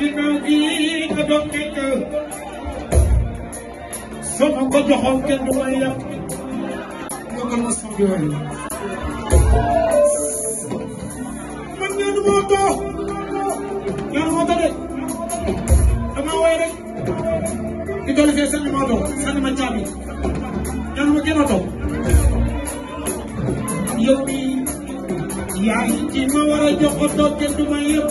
ginnaaw gi nga doon nekk soo ma ko joxoon kenn du ma yàq nga mën ma soxla yooyu. man ñoo du ma too ñoo du ma too de damaa woy rek di dolli fee sànni ma too sànni ma caabi ñoo du ma gën a too yow mii yaa ngi ci ma war a jox ko too kenn du ma yëpp.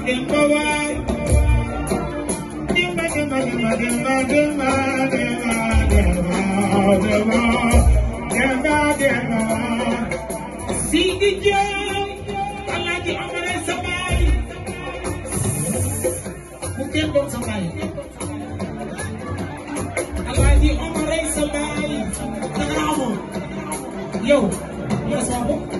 Yo, you want to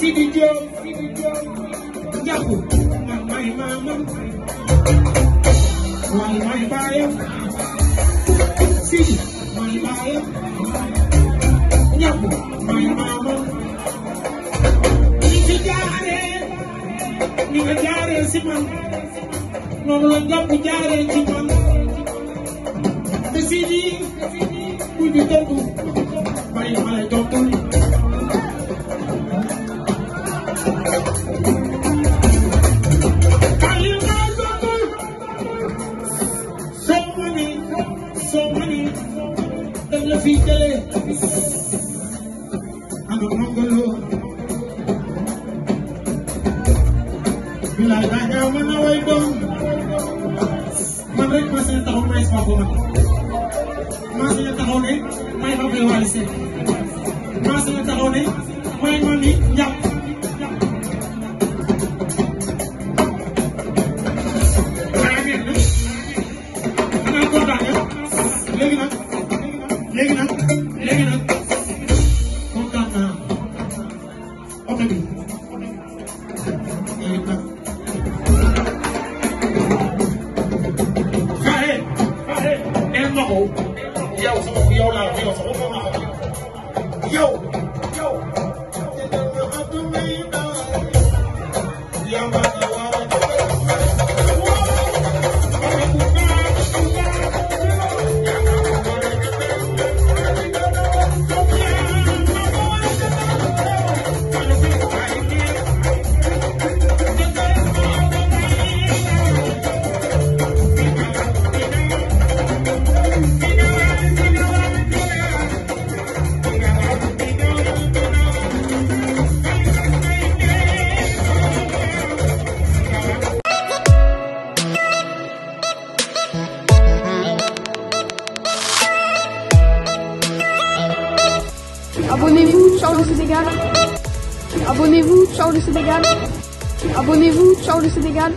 Sidi Diop ñàkk man may maamam man may baayam Sidi may baayam ñàkk may maamam ni ci jaaree ni nga jaaree si man noonu la ñàkk jaaree ci man te Sidi bu ñu déglu may ma la jotul bilaay daa ngaa mën na way doom man rek maa seen taxaw may sama bopp maa seen taxaw ne may ma koy wàllu seen maa seen taxaw ne may ma ni njàpp 不要！不要了！不要！什么不好。Abonnez-vous, ciao le Sénégal. Abonnez-vous, ciao le Sénégal. Abonnez-vous, ciao le Sénégal.